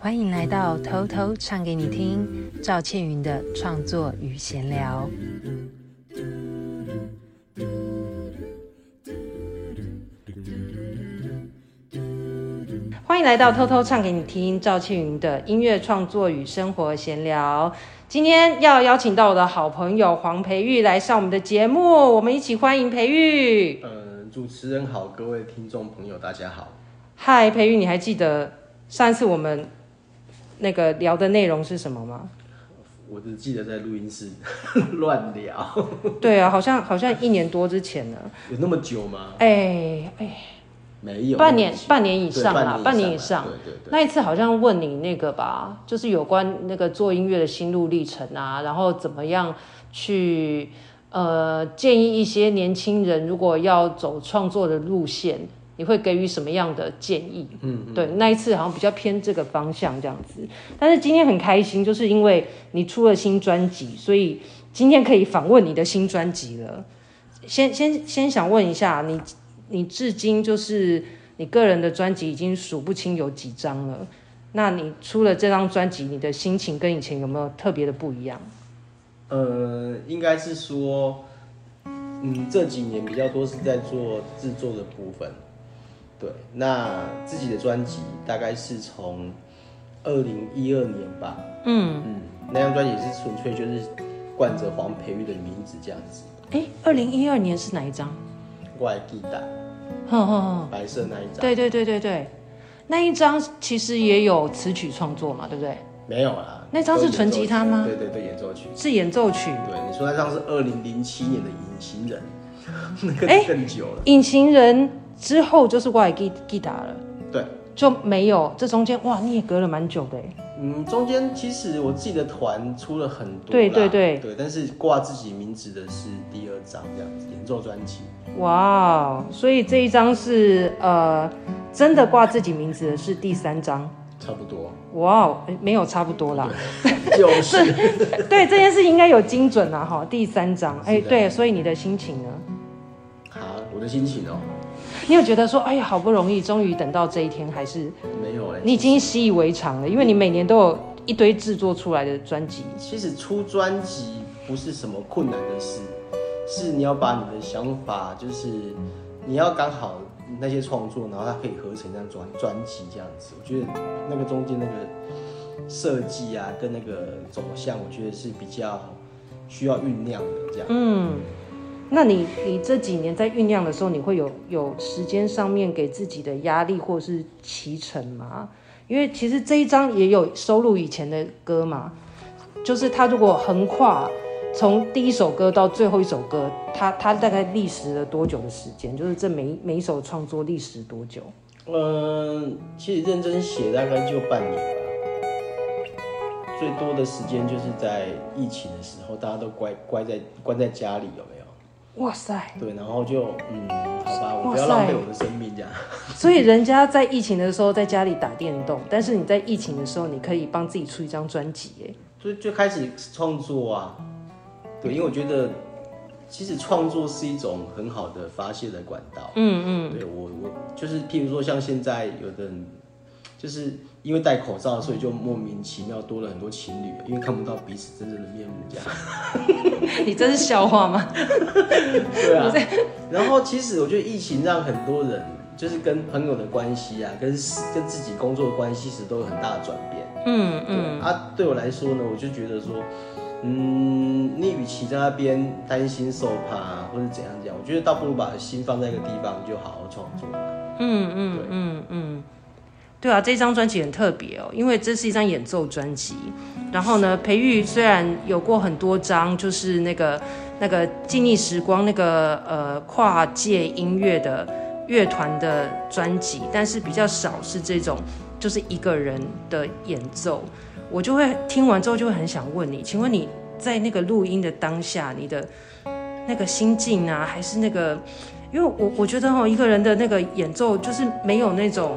歡迎來到偷偷唱給你聽，趙倩雲的創作與閒聊。歡迎來到偷偷唱給你聽，趙倩雲的音樂創作與生活閒聊。今天要邀請到我的好朋友黃培育來上我們的節目，我們一起歡迎培育。嗯、呃，主持人好，各位聽眾朋友大家好。嗨，培育，你還記得上次我們那個聊的內容是什麼嗎？我只記得在錄音室呵呵亂聊。對啊，好像好像一年多之前了。有那麼久嗎？哎哎。沒有半年，半年以上啊，半年以上。對對對。那一次好像問你那個吧，就是有關那個做音樂的心路歷程啊，然後怎麼樣去呃建議一些年輕人，如果要走創作的路線，你會給予什麼樣的建議？嗯嗯。對，那一次好像比較偏這個方向這樣子。但是今天很開心，就是因為你出了新專輯，所以今天可以訪問你的新專輯了。先先先想問一下你。你至今就是你個人的專輯已經數不清有幾張了，那你出了這張專輯，你的心情跟以前有沒有特別的不一樣？呃，應該是說，嗯，這幾年比較多是在做制作的部分。對，那自己的專輯大概是從二零一二年吧。嗯嗯，那張專輯是純粹就是冠着黃培育的名字這樣子。哎、欸，二零一二年是哪一張？《怪吉他》，oh, oh, oh. 白色那一張，對對對對對，那一張其實也有詞曲創作嘛，對不對？沒有啦、啊，那張是純吉他嗎？對對對，演奏曲是演奏曲。對，你說那張是二零零七年的《隱形人》。嗯， 那個更久了。欸、隱形人之後就是《怪吉吉他》了。就沒有，這中間哇，你也隔了蠻久的哎。嗯，中間其實我自己的團出了很多，對對對對，但是掛自己名字的是第二張這樣子演奏專輯。哇、wow，所以這一張是呃，真的掛自己名字的是第三張， 差不多。哇、wow, 欸，沒有差不多啦，就是 這對這件事應該有精準啦。哈。第三張，哎、欸、對，所以你的心情呢？好，我的心情哦、喔。你有覺得說，哎呀，好不容易，終於等到這一天，還是沒有哎、啊？你已經習以為常了，因為你每年都有一堆制作出來的專輯。嗯、其實出專輯不是什麼困難的事，是你要把你的想法，就是你要剛好那些創作，然後它可以合成這樣專專輯這樣子。我覺得那個中間那個設計啊，跟那個走向，我覺得是比較需要醞釀的這樣。嗯。那你你這幾年在醞釀的時候，你會有有時間上面給自己的壓力或者是期程嗎？因為其實這一張也有收錄以前的歌嘛，就是他如果橫跨從第一首歌到最後一首歌，他他大概歷時了多久的時間？就是這每每一首創作歷時多久？嗯，其實認真寫大概就半年吧，最多的時間就是在疫情的時候，大家都乖乖在關在家裡有沒有？哇塞！對，然後就嗯，好吧，我不要浪費我的生命這樣。 所以人家在疫情的時候在家裡打電動，但是你在疫情的時候，你可以幫自己出一張專輯，所以就開始創作啊。對，因為我覺得其實創作是一種很好的發洩的管道。嗯嗯，對我我就是，譬如說像現在有的人。就是因為戴口罩，所以就莫名其妙多了很多情侶，嗯、因為看不到彼此真正的面目，這樣。 你真是笑話嗎？ 對啊。然後其實我覺得疫情讓很多人，就是跟朋友的關係啊，跟跟自己工作的關係，其實都有很大的轉變。嗯嗯對。啊，對我來說呢，我就覺得說，嗯，你與其在那邊擔心受怕、啊、或者怎樣怎樣，我覺得倒不如把心放在一個地方，就好好創作。嗯嗯，對，嗯嗯。對啊，這張專輯很特別哦，因為這是一張演奏專輯。然後呢，培育雖然有過很多張，就是那個那個靜謐時光那個呃跨界音樂的樂團的專輯，但是比較少是這種，就是一個人的演奏。我就會聽完之後就會很想問你，請問你在那個錄音的當下，你的那個心境啊，還是那個？因為我我覺得哈、哦，一個人的那個演奏就是沒有那種。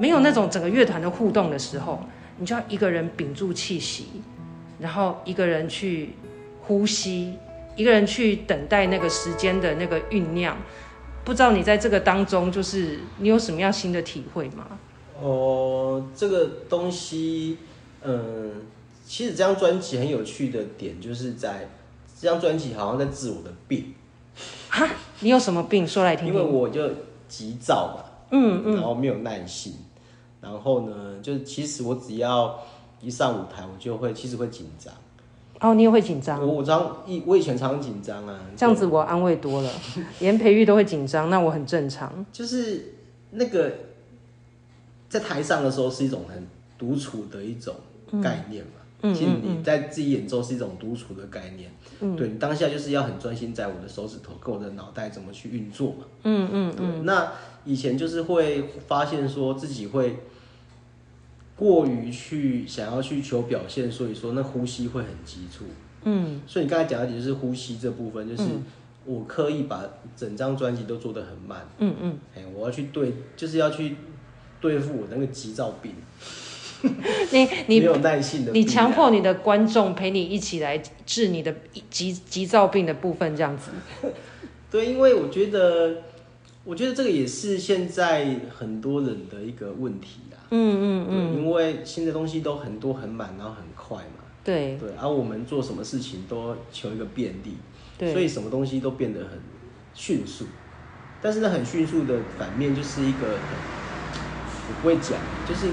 沒有那種整個樂團的互動的時候，你就要一個人屏住氣息，然後一個人去呼吸，一個人去等待那個時間的那個醞釀。不知道你在這個當中，就是你有什麼樣新的體會嗎？哦、呃，這個東西，嗯，其實這張專輯很有趣的點，就是在這張專輯好像在治我的病。哈，你有什麼病？說來聽聽。因為我就急躁嘛，嗯嗯，然後沒有耐心。然後呢，就是其實我只要一上舞台，我就會其實會緊張。哦，你也會緊張。我我常一我以前常常緊張啊，這樣子我安慰多了， 連培育都會緊張，那我很正常。就是那個在台上的時候是一種很獨處的一種概念嘛。嗯其實你在自己演奏是一種獨處的概念，嗯嗯、對，你當下就是要很專心在我的手指頭跟我的腦袋怎麼去運作嘛。嗯嗯，嗯，對。那以前就是會發現說自己會過於去想要去求表現，所以說那呼吸會很急促。嗯，所以你剛才講的點就是呼吸這部分，就是我刻意把整張專輯都做得很慢。嗯嗯，哎，我要去對，就是要去對付我那個急躁病。 你你沒有耐性的，你強迫你的觀眾陪你一起來治你的急急躁病的部分，這樣子。對，因為我覺得，我覺得這個也是現在很多人的一個問題啦、啊。嗯嗯嗯。因為新的東西都很多很滿，然後很快嘛。對對。而、啊、我們做什麼事情都求一個便利對，所以什麼東西都變得很迅速。但是呢，很迅速的反面就是一個，我不會講，就是。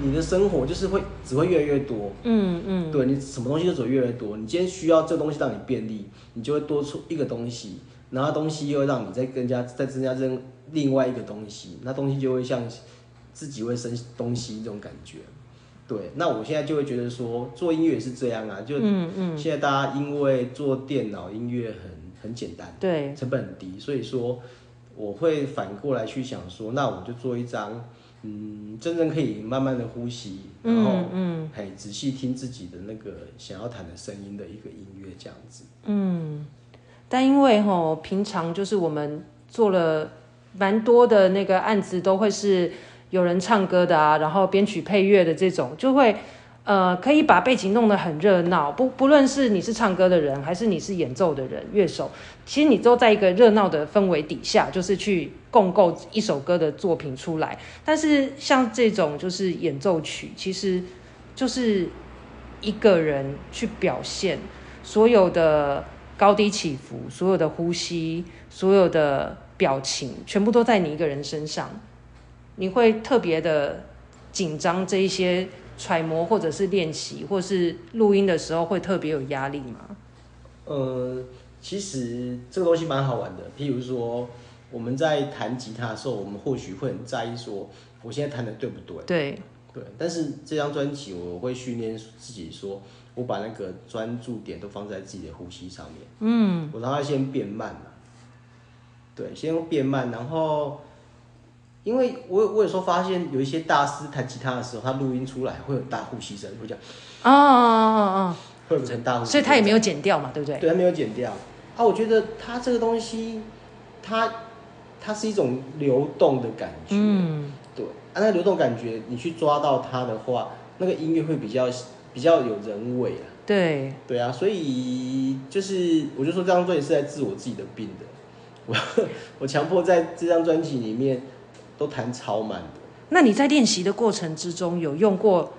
你的生活就是會只會越來越多，嗯嗯，對你什麼東西都會越來越多。你今天需要這東西讓你便利，你就會多出一個東西，然後東西又讓你再更加再增加另另外一個東西，那東西就會像自己會生東西這種感覺。對，那我現在就會覺得說做音樂也是這樣啊，就、嗯嗯、現在大家因為做電腦音樂很很簡單，對，成本很低，所以說我會反過來去想說，那我就做一張。嗯，真正可以慢慢的呼吸，然後嘿仔細聽自己的那個想要彈的聲音的一個音樂這樣子。嗯，嗯，但因為吼、哦、平常就是我們做了蠻多的那個案子，都會是有人唱歌的啊，然後編曲配樂的這種就會。呃，可以把背景弄得很熱鬧，不不論是你是唱歌的人，還是你是演奏的人，樂手，其實你都在一個熱鬧的氛圍底下，就是去共構一首歌的作品出來。但是像這種就是演奏曲，其實就是一個人去表現所有的高低起伏，所有的呼吸，所有的表情，全部都在你一個人身上，你會特別的緊張這一些。揣摩，或者是練習，或是錄音的時候會特別有壓力嗎？呃，其實這個東西蠻好玩的。譬如說我們在彈吉他的時候，我們或許會很在意說我現在彈的對不對？對對。但是這張專輯，我會訓練自己說，說我把那個專注點都放在自己的呼吸上面。嗯，我讓它先變慢嘛。對，先變慢，然後。因為我我有時候發現有一些大師彈吉他的時候，他錄音出來會有大呼吸聲，我講 oh, oh, oh, oh, oh. 會講啊啊啊，會有很大呼吸，所以他也沒有剪掉嘛，對不對？對，他沒有剪掉啊。我覺得他這個東西，他他是一種流動的感覺，嗯，對啊，那個、流動感覺你去抓到它的話，那個音樂會比較比較有人味啊，對對啊，所以就是我就說這張專輯是在治我自己的病的，我我強迫在這張專輯裡面。都彈超慢的。那你在練習的過程之中有用過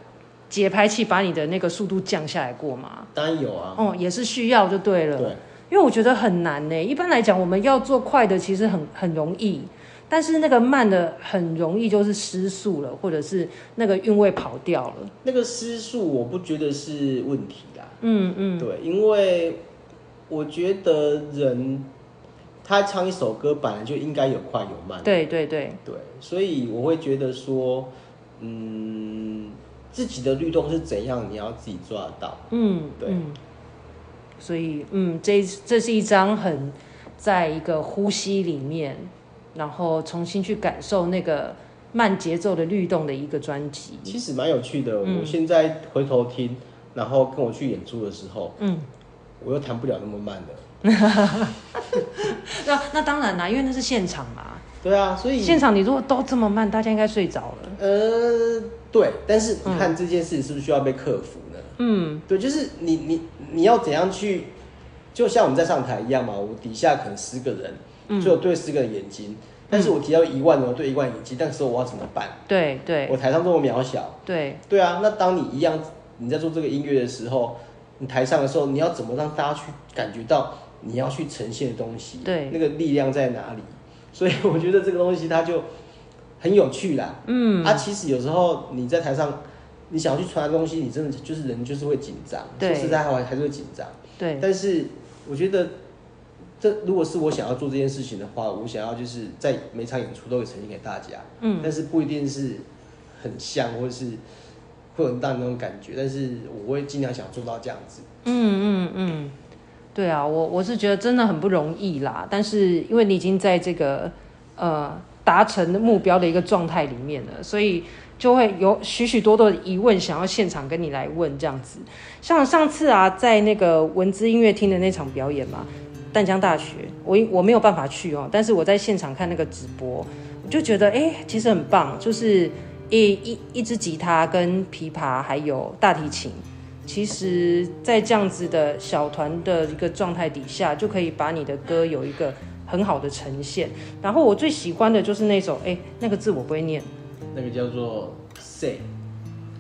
節拍器把你的那個速度降下來過嗎？當然有啊。哦、嗯，也是需要就對了。對。因為我覺得很難呢。一般來講，我們要做快的其實很很容易，但是那個慢的很容易就是失速了，或者是那個韻味跑掉了。那個失速我不覺得是問題啦。嗯嗯。對，因為我覺得人。他唱一首歌，本來就應該有快有慢。對對對對，所以我會覺得說，嗯，自己的律動是怎樣，你要自己抓得到。嗯，對。嗯，所以，嗯，這這是一張很在一個呼吸裡面，然後重新去感受那個慢節奏的律動的一個專輯。其實蠻有趣的，我現在回頭聽，嗯，然後跟我去演出的時候，嗯，我又彈不了那麼慢的。 那那當然啦，因為那是現場嘛。對啊，所以現場你如果都這麼慢，大家應該睡着了。呃，對，但是你看這件事情是不是需要被克服呢？嗯，對，就是你你你要怎樣去，就像我們在上台一樣嘛，我底下可能十個人，就對十個人眼睛、嗯，但是我提到一萬人，我對一萬人眼睛，但是我要怎麼辦？對對，我台上這麼渺小。對對啊，那當你一樣你在做這個音樂的時候，你台上的時候，你要怎麼讓大家去感覺到？你要去呈現的東西，那個力量在哪裡？所以我覺得這個東西它就很有趣啦。嗯，啊、其實有時候你在台上，你想要去傳達東西，你真的就是人就是會緊張。對，說實在話還是會緊張。對，但是我覺得，這如果是我想要做這件事情的話，我想要就是在每場演出都會呈現給大家。嗯，但是不一定是很像，或者是會有很大那種感覺，但是我會盡量想做到這樣子。嗯嗯嗯。嗯對啊，我我是覺得真的很不容易啦。但是因為你已經在這個呃，達成目標的一個狀態裡面了，所以就會有許許多多的疑問想要現場跟你來問這樣子。像上次啊，在那個文錙音樂廳的那場表演嘛，淡江大學，我我沒有辦法去哦，但是我在現場看那個直播，我就覺得哎，其實很棒，就是一一一支吉他跟琵琶還有大提琴。其實，在這樣子的小團的一個狀態底下，就可以把你的歌有一個很好的呈現。然後我最喜歡的就是那首，哎、欸，那個字我不會念，那個叫做 say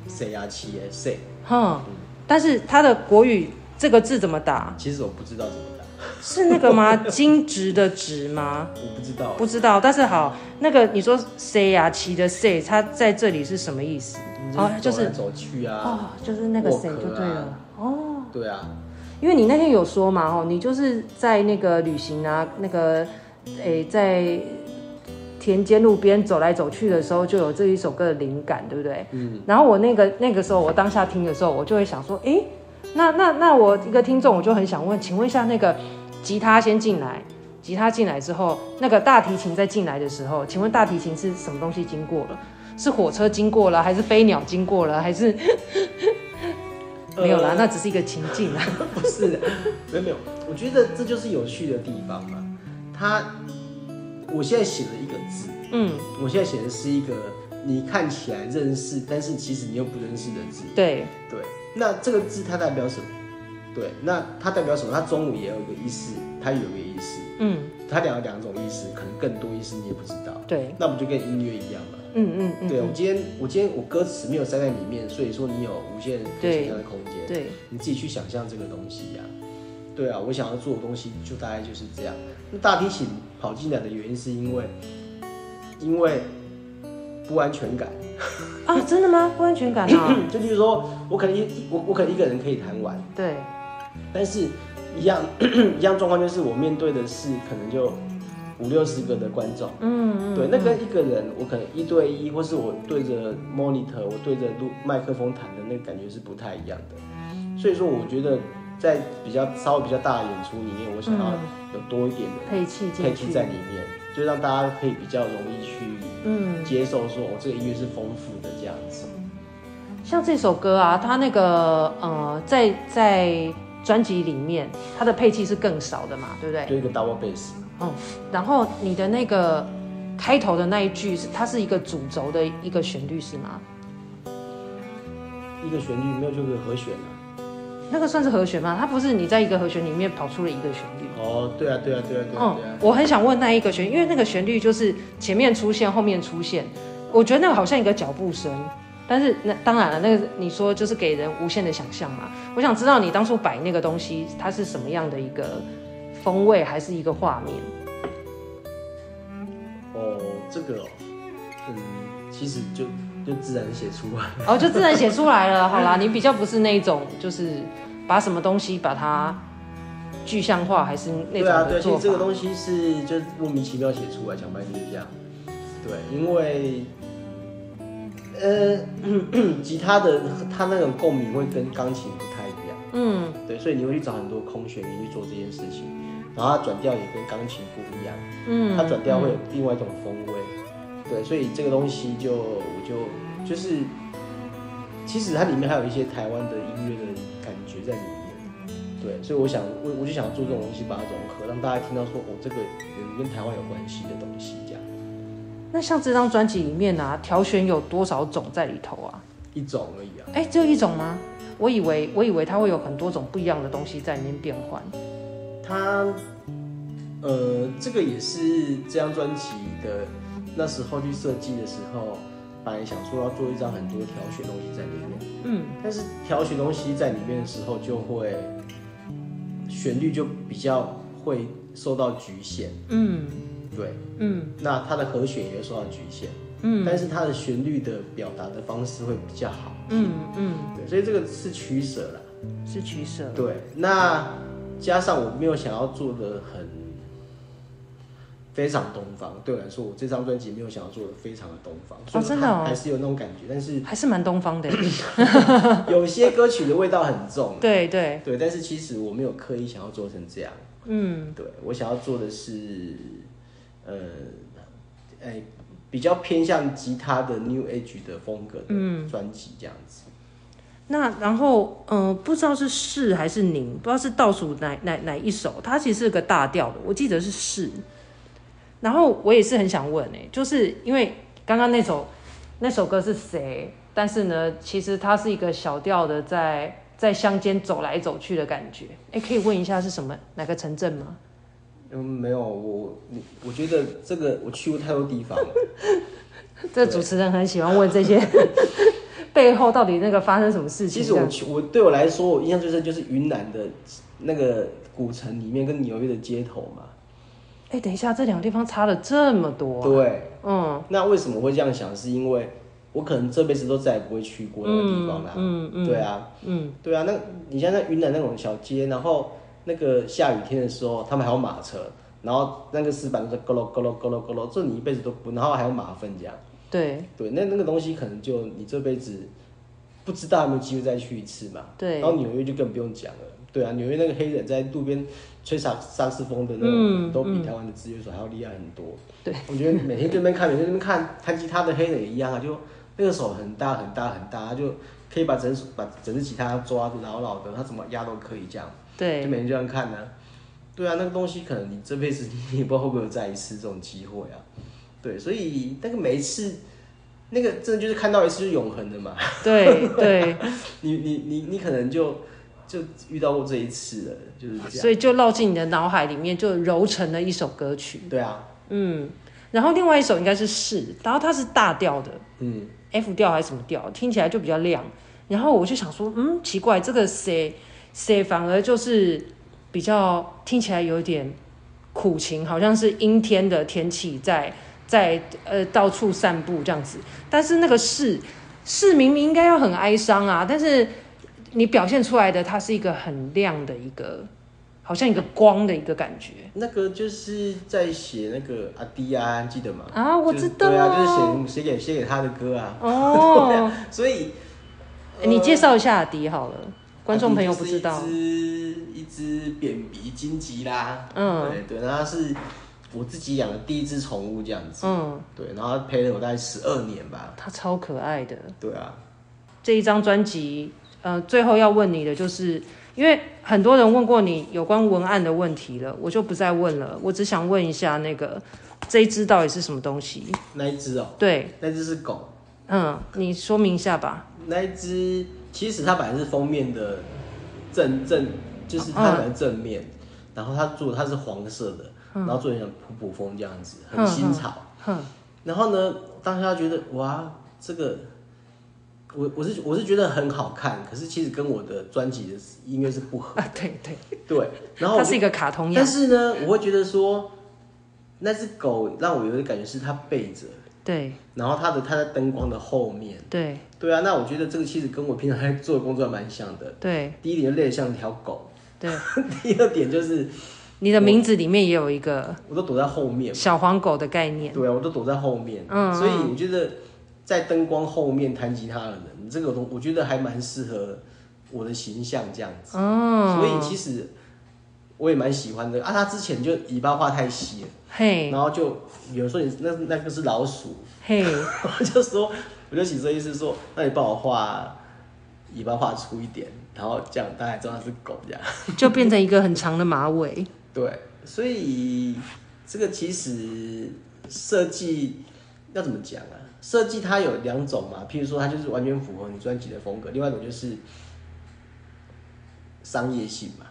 say 啊奇的 say，哼、嗯、但是它的國語這個字怎麼打？其實我不知道怎麼打，是那個嗎？精直的直嗎？ 我不知道、欸，不知道。但是好，那個你說 say 啊奇的 say，它在這裡是什麼意思？哦、oh，就是走來走去啊！哦、oh，就是那個誰就對了。哦、oh，對啊，因為你那天有說嘛，哦，你就是在那個旅行啊，那個誒、欸，在田間路邊走來走去的時候，就有這一首歌的靈感，對不對？嗯。然後我那個那個時候，我當下聽的時候，我就會想說，哎、欸，那那那我一個聽眾，我就很想問，請問一下那個吉他先進來，吉他進來之後，那個大提琴再進來的時候，請問大提琴是什麼東西經過了？是火車經過了，還是飛鳥經過了，還是 沒有啦、呃？那只是一個情境啊。 不是，沒有沒有。我覺得這就是有趣的地方嘛。他，我現在寫了一個字，嗯，我現在寫的是一個你看起來認識，但是其實你又不認識的字。對對。那這個字它代表什麼？對，那它代表什麼？它中文也有個意思，它有個意思，嗯，它兩兩種意思，可能更多意思你也不知道。對，那不就跟音樂一樣嗎？嗯嗯嗯，對我今天我今天我歌詞沒有塞在裡面，所以說你有無限想象的空間，對，你自己去想象這個東西呀、啊，對啊，我想要做的東西就大概就是這樣。那大提琴跑進來的原因是因為，因為不安全感啊。真的嗎？不安全感啊、哦， 就例如說我可能一我我可能一個人可以彈完，對，但是一樣咳咳一樣狀況就是我面對的事可能就。五六十個的觀眾，嗯，對，那個一個人，我可能一對一，或是我對着 monitor，我對着錄麥克風彈的那個感覺是不太一樣的。所以說，我覺得在比較稍微比較大的演出裡面，我想要有多一點的配器，配器在裡面，就讓大家可以比較容易去嗯，接受，說我這個音樂是豐富的這樣子，嗯嗯。像這首歌啊，它那個呃，在在專輯裡面，它的配器是更少的嘛，對不對？嗯，啊那個呃、對，對一個 double bass。哦、嗯，然後你的那個開頭的那一句是，它是一個主軸的一個旋律是嗎？一個旋律沒有就是和弦、啊、那個算是和弦嗎？它不是你在一個和弦裡面跑出了一個旋律。哦，對啊，對啊，對啊，對啊，對啊、嗯。我很想問那一個旋律，因為那個旋律就是前面出現，後面出現，我覺得那個好像一個腳步聲，但是那當然了，那個你說就是給人無限的想象嘛。我想知道你當初擺那個東西，它是什麼樣的一個？風味還是一個畫面？哦，這個、哦，嗯，其實就就自然寫出來，哦，就自然寫出來了。 好啦、嗯，你比較不是那種就是把什麼東西把它具象化，還是那種不做、嗯。對啊，對，這個東西是就莫名其妙寫出來，講白就是這樣。對，因為，呃， 吉他的它那種共鳴會跟鋼琴不太一樣。嗯，對，所以你會去找很多空弦音去做這件事情，然後它轉調也跟鋼琴不一樣，嗯，它轉調會有另外一種風味，嗯、對，所以這個東西就我就就是，其實它裡面還有一些台灣的音樂的感覺在裡面，對，所以我想我我就想做這種東西，把它融合，讓大家聽到說我、哦、這個有跟台灣有關係的東西這樣。那像這張專輯裡面啊，挑選有多少種在裡頭啊？一種而已啊，哎、欸，只有一種嗎？我以為我以為它會有很多種不一樣的東西在裡面變換。它，呃，這個也是這張專輯的那時候去設計的時候，本來想說要做一張很多挑弦東西在裡面，嗯，但是挑弦東西在裡面的時候，就會旋律就比較會受到局限，嗯，對，嗯，那它的和弦也會受到局限，嗯，但是它的旋律的表達的方式會比較好，嗯嗯，對，所以這個是取捨啦，是取捨，對，那。加上我沒有想要做的很非常東方，對我來說，我這張專輯沒有想要做的非常的東方，所以，哦，就是它還是有那種感覺，但是還是蠻東方的， 有些歌曲的味道很重，啊， 對，對對對，但是其實我沒有刻意想要做成這樣，嗯，嗯，對，我想要做的是，呃，哎，比較偏向吉他的 New Age 的風格的專輯這樣子。那然後，嗯、呃，不知道是逝還是凝，不知道是倒數哪哪哪一首，它其實是個大調的，我記得是逝。然後我也是很想問，就是因為剛剛那首那首歌是誰？但是呢，其實它是一個小調的在，在在鄉間走來走去的感覺。哎，可以問一下是什麼哪個城鎮嗎？嗯，沒有，我我覺得這個我去過太多地方了。 這主持人很喜歡問這些。 背後到底那個發生什麼事情？其實我我對我來說，我印象最深就是雲南的那個古城裡面，跟紐約的街頭嘛。欸、等一下，這兩個地方差了這麼多，啊。對，嗯。那為什麼會這樣想？是因為我可能這輩子都再也不會去過那個地方了。嗯嗯，嗯。對啊，嗯，對啊。那你像在雲南那種小街，然後那個下雨天的時候，他們還有馬車，然後那個石板路在咯咯咯咯咯咯，這你一輩子都不。然後還有馬糞這樣。對對，那那個東西可能就你這輩子不知道有沒有機會再去一次嘛。對，然後紐約就更不用講了。對啊，紐約那個黑人在路邊吹薩克斯風的那種、嗯、都比台灣的職業手還要厲害很多。對，我覺得每天對面看，對，每天對面看彈吉他的黑人也一樣啊，就那個手很大很大很大，很大他就可以把整把整隻吉他抓住牢牢的，他怎麼壓都可以這樣。對，就每天這樣看呢、啊。對啊，那個東西可能你這輩子你也不知道會不會有再一次這種機會啊。對，所以那個每一次，那個真的就是看到一次是永恆的嘛？對對， 你你你你可能就就遇到過這一次了，就是這樣。所以就烙進你的腦海裡面，就揉成了一首歌曲。對啊，嗯。然後另外一首應該是是，然後它是大調的，嗯，F 調還是什麼調，聽起來就比較亮。然後我就想說，嗯，奇怪，這個 C C 反而就是比較聽起來有點苦情，好像是陰天的天氣在。在呃到處散步這樣子，但是那個是是明明應該要很哀傷啊，但是你表現出來的，它是一個很亮的一個，好像一個光的一個感覺。那個就是在寫那個阿迪啊，記得嗎？啊，我知道啊，就對啊、就是寫寫給寫給他的歌啊。哦， 對啊、所以、欸呃，你介紹一下阿迪好了，觀眾朋友不知道，一隻一隻扁鼻金吉啦，嗯，對對，那是。我自己養的第一隻寵物這樣子，嗯，對，然後他陪了我大概十二年吧，它超可愛的。對啊，這一張專輯，呃，最後要問你的，就是因為很多人問過你有關文案的問題了，我就不再問了。我只想問一下，那個這一隻到底是什麼東西？那一隻哦、喔，對，那隻是狗。嗯，你說明一下吧。那一隻其實它本來是封面的正正，就是它本來正面、嗯，然後它做它是黃色的。嗯、然後做一點普普風這樣子，很新潮。呵呵，然後呢，當時他覺得哇，這個我我是我是覺得很好看，可是其實跟我的專輯的音樂是不合，啊。對對對。然後它是一個卡通樣。但是呢，我會覺得說，那只狗讓我有的感覺是它背着，對。然後它的它在燈光的後面，對。對啊，那我覺得這個其實跟我平常在做的工作還蠻像的。對。第一點就累得像條狗。對。第二點就是。你的名字裡面也有一個我，我都躲在後面。小黃狗的概念，對啊，我都躲在後面。嗯、嗯，所以我覺得在燈光後面彈吉他的人，這個東，我覺得還蠻適合我的形象這樣子。哦、嗯，所以其實我也蠻喜歡的，這個。啊，他之前就尾巴畫太細了，嘿、hey，然後就有人說你那那個是老鼠，嘿、hey，我就說我就起這意思說，那你幫我畫，尾巴畫粗一點，然後這樣大家知道他是狗這樣，就變成一個很長的馬尾。對，所以這個其實設計要怎麼講啊？設計它有兩種嘛，譬如說它就是完全符合你專輯的風格，另外一種就是商業性嘛。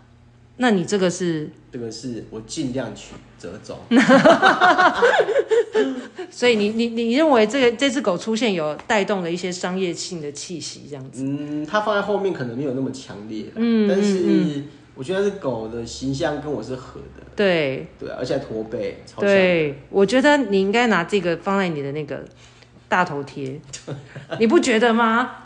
那你這個是？這個是我盡量取折中 所以你你你認為這個這隻狗出現有帶動了一些商業性的氣息？這樣子，嗯，它放在後面可能沒有那麼強烈啊，嗯，但是。嗯嗯我覺得是狗的形象跟我是合的，對對，而且還駝背，對，我覺得你應該拿這個放在你的那個大頭貼， 你不覺得嗎？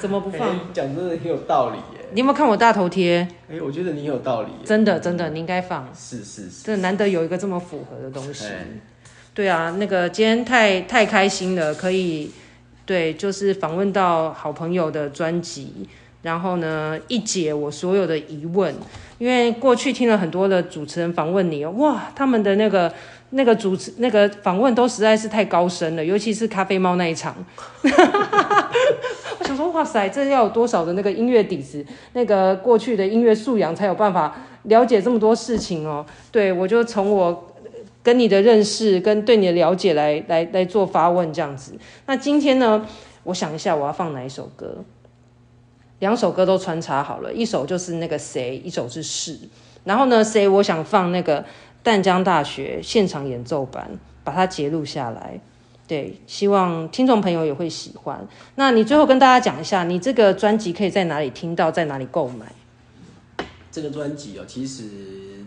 怎麼不放？講、欸、真的很有道理耶、欸，你有沒有看我大頭貼？哎、欸，我覺得你有道理、欸，真的、嗯、真的，你應該放，是是是，這難得有一個這麼符合的東西，嗯、對啊，那個今天太太開心了，可以對，就是訪問到好朋友的專輯。然後呢，一解我所有的疑問，因為過去聽了很多的主持人訪問你哦，哇，他們的那個那個主持那個訪問都實在是太高深了，尤其是咖啡貓那一場，哈哈哈！我想說，哇塞，這要有多少的那個音樂底子，那個過去的音樂素養，才有辦法了解這麼多事情哦。對，我就從我跟你的認識跟對你的了解來來來做發問這樣子。那今天呢，我想一下我要放哪一首歌。兩首歌都穿插好了，一首就是那個踅，一首是逝。然後呢，踅我想放那個《淡江大學》現場演奏版，把它截錄下來。對，希望聽眾朋友也會喜歡。那你最後跟大家講一下，你這個專輯可以在哪裡聽到，在哪裡購買？這個專輯哦，其實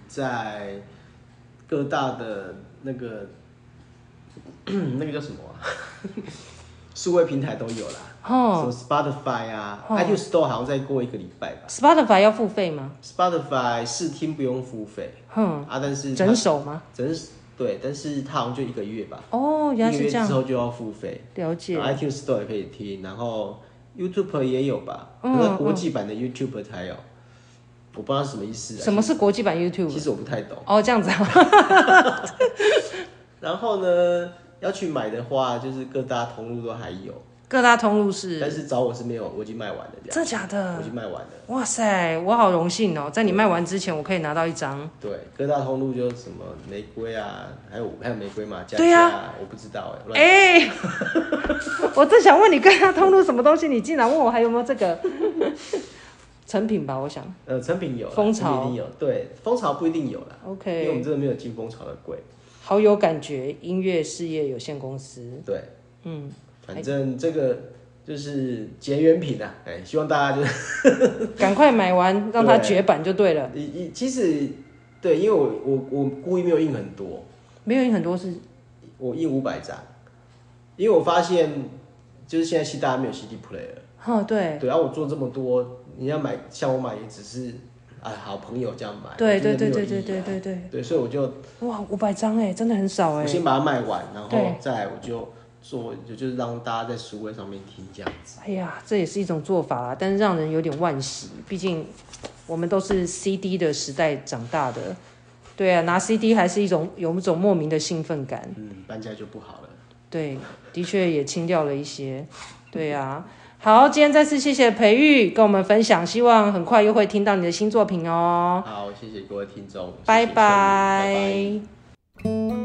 在各大的那個 那個叫什麼啊？ 數位平台都有啦，哦，什麼 Spotify 啊，iTunes Store 好像再過一個禮拜吧。Spotify 要付費嗎？Spotify 試聽不用付費，哼、嗯、啊，但是整首嗎？整，對，但是它好像就一個月吧。哦，原來是這樣。一個月之後就要付費。了解。iTunes Store 也可以聽，然後 YouTuber 也有吧？那個國際版的 YouTuber 才有，嗯。我不知道什麼意思，啊。什麼是國際版 YouTube？其實我不太懂。哦，這樣子。好 了 然後呢？要去買的話，就是各大通路都還有。各大通路是，但是找我是沒有，我已經賣完了。真假的？我已經賣完了。哇塞，我好榮幸哦、喔，在你賣完之前，我可以拿到一張。對，各大通路就什麼玫瑰啊，還有還有玫瑰嘛甲、啊。對呀、啊，我不知道哎、欸。欸、 我正想問你各大通路什麼東西，你竟然問我還有沒有這個 成品吧？我想，呃，成品有，蜂巢一定有，對，蜂巢不一定有啦。OK，因為我們真的沒有進蜂巢的櫃好有感覺音樂事業有限公司。對，嗯，反正這個就是結緣品啊，欸，希望大家就是趕快買完， 讓它絕版就對了。其實對，因為我我我故意沒有印很多，沒有印很多是，我印五百張，因為我發現就是現在其實大家沒有 CD player，對，對，然後我做這麼多，你要買像我買也只是。哎、好朋友這樣買對，對對對對對對對對，所以我就哇，五百張哎，真的很少哎。我先把它賣完，然後再我就做，就就是讓大家在書櫃上面聽這樣子。哎呀，這也是一種做法啦，但是讓人有點惋惜，畢竟我們都是 CD 的時代長大的，對啊，拿 CD 還是一種有一種莫名的興奮感。嗯，搬家就不好了。對，的確也清掉了一些， 對啊。好，今天再次謝謝培育跟我們分享，希望很快又會聽到你的新作品哦、喔。好，謝謝各位聽眾，拜拜。謝謝。